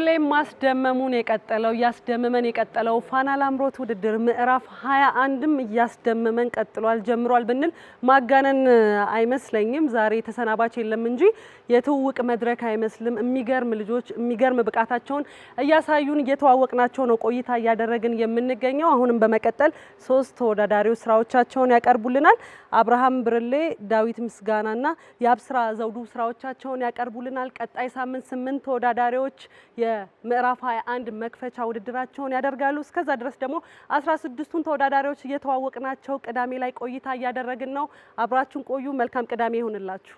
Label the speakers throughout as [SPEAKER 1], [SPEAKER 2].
[SPEAKER 1] ሁሌም ማስደመሙን የቀጠለው እያስደመመን የቀጠለው ፋና ላምሮት ውድድር ምዕራፍ ሀያ አንድም እያስደመመን ቀጥሏል። ጀምሯል ብንል ማጋነን አይመስለኝም። ዛሬ ተሰናባች የለም እንጂ የትውውቅ መድረክ አይመስልም። የሚገርም ልጆች የሚገርም ብቃታቸውን እያሳዩን እየተዋወቅናቸው ነው ቆይታ እያደረግን የምንገኘው። አሁንም በመቀጠል ሶስት ተወዳዳሪዎች ስራዎቻቸውን ያቀርቡልናል። አብርሃም ብርሌ፣ ዳዊት ምስጋናና የአብስራ ዘውዱ ስራዎቻቸውን ያቀርቡልናል። ቀጣይ ሳምንት ስምንት ተወዳዳሪዎች የምዕራፍ 21 መክፈቻ ውድድራቸውን ያደርጋሉ። እስከዛ ድረስ ደግሞ 16ቱን ተወዳዳሪዎች እየተዋወቅናቸው ቅዳሜ ላይ ቆይታ እያደረግን ነው። አብራችሁን ቆዩ። መልካም ቅዳሜ ይሁንላችሁ።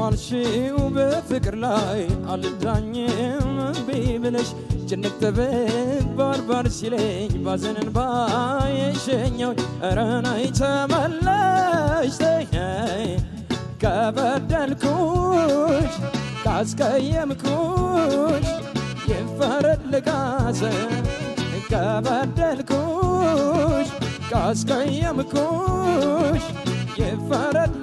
[SPEAKER 1] ዋልሽው በፍቅር ላይ አልዳኝም እምቢ ብለሽ ጭንቅ ጥብቅ ባርባር ሲለኝ ባዘንን እንባዬ ሸኘው ኧረ ነይ ተመለሽ ከበደልኩሽ ካስቀየምኩሽ ይፈረድ ከበደልኩሽ ካስቀየምኩሽ ይፈረድ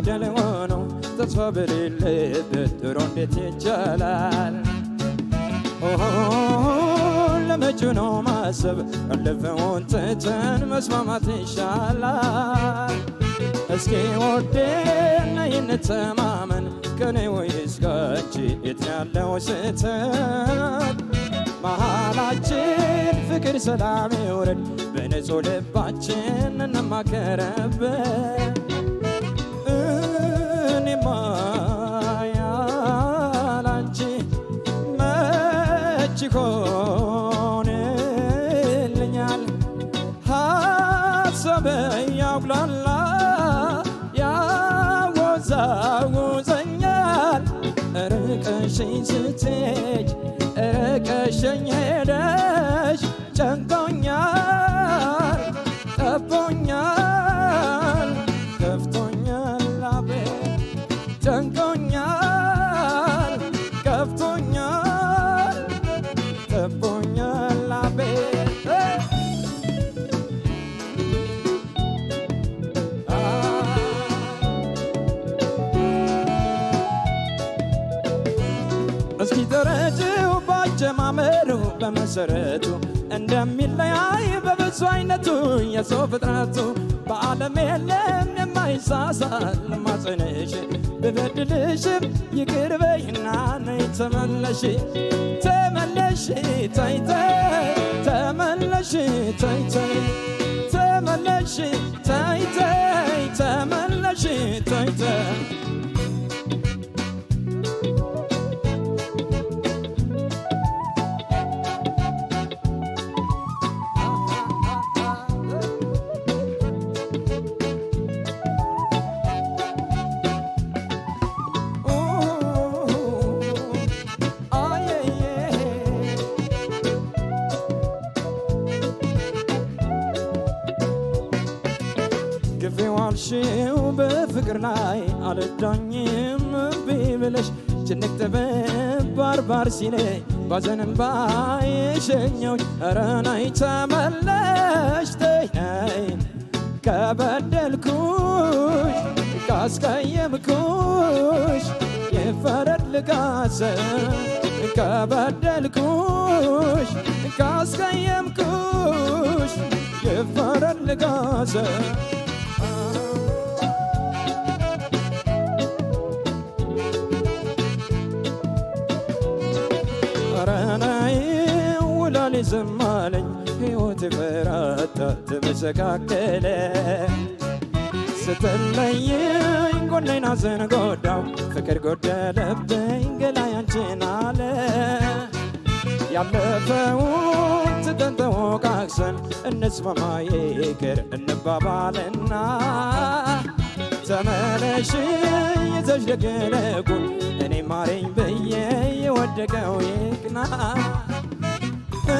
[SPEAKER 1] ገደል ሆኖ ተስፋ በሌለበት ኑሮ እንዴት ይቻላል? ለመቼ ነው ማሰብ ያለፈውን ትተን መስማማት ይሻላል። እስኪ ወዴን ነይ ከኔ ወይስ ካንቺ የት ያለው ስህተት? መሃላችን ፍቅር ሰላም ይውረድ፣ በንጹህ ልባችን እንማከረበት change እስኪ ተረጅው ባጀማመሩ በመሰረቱ እንደሚለያይ በብዙ አይነቱ የሰው ፍጥረቱ በዓለም የለም የማይሳሳል ማጽንሽ ብበድልሽም ይቅር ነይ ተመለሽ ተመለሽ ታይተ ተመለሽ ታይተ ተመለሽ ታይተ ተመለሽ ታይተ ባልሽው በፍቅር ላይ አልዳኝም እምቢ ብለሽ ጭንቅ ጥበብ ባርባር ሲለኝ ባዘንን ባይ ሸኘውኝ ተመለሽ ተይ ከበደልኩሽ ካስቀየምኩሽ ይፈረድ ልቃሴ ከበደልኩሽ ካስቀየምኩሽ ይፈረድ ልቃሴ ዝም አለኝ ሕይወት በራታ ተመሰቃቀለ ስትለየኝ ጎኔን ሐዘን ጎዳው ፍቅር ጎደለብኝ ገላዬ አንቺን አለ ያለፈውን ትተን ተወቃቅሰን እንስማማ ይቅር እንባባልና ተመለሽ ይዘሽ እኔ ማረኝ ብዬ የወደቀው ይቅና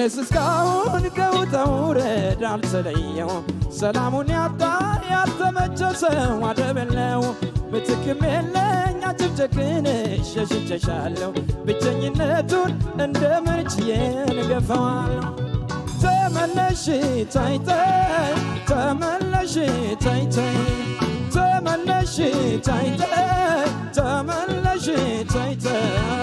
[SPEAKER 1] እኔስ እስካሁን ከውጣ ውረድ አልተለየው ሰላሙን ያጣ ያልተመቸ ሰው አደበለው ምትክም የለኝ አንቺም ጨክነሽ ብቸኝነቱን እንደ ምርጭዬ እገፋዋለሁ ተመለሽ ታይተይ ተመለሽ ታይተይ ተመለሽ ታይተይ ተመለሽ ታይተይ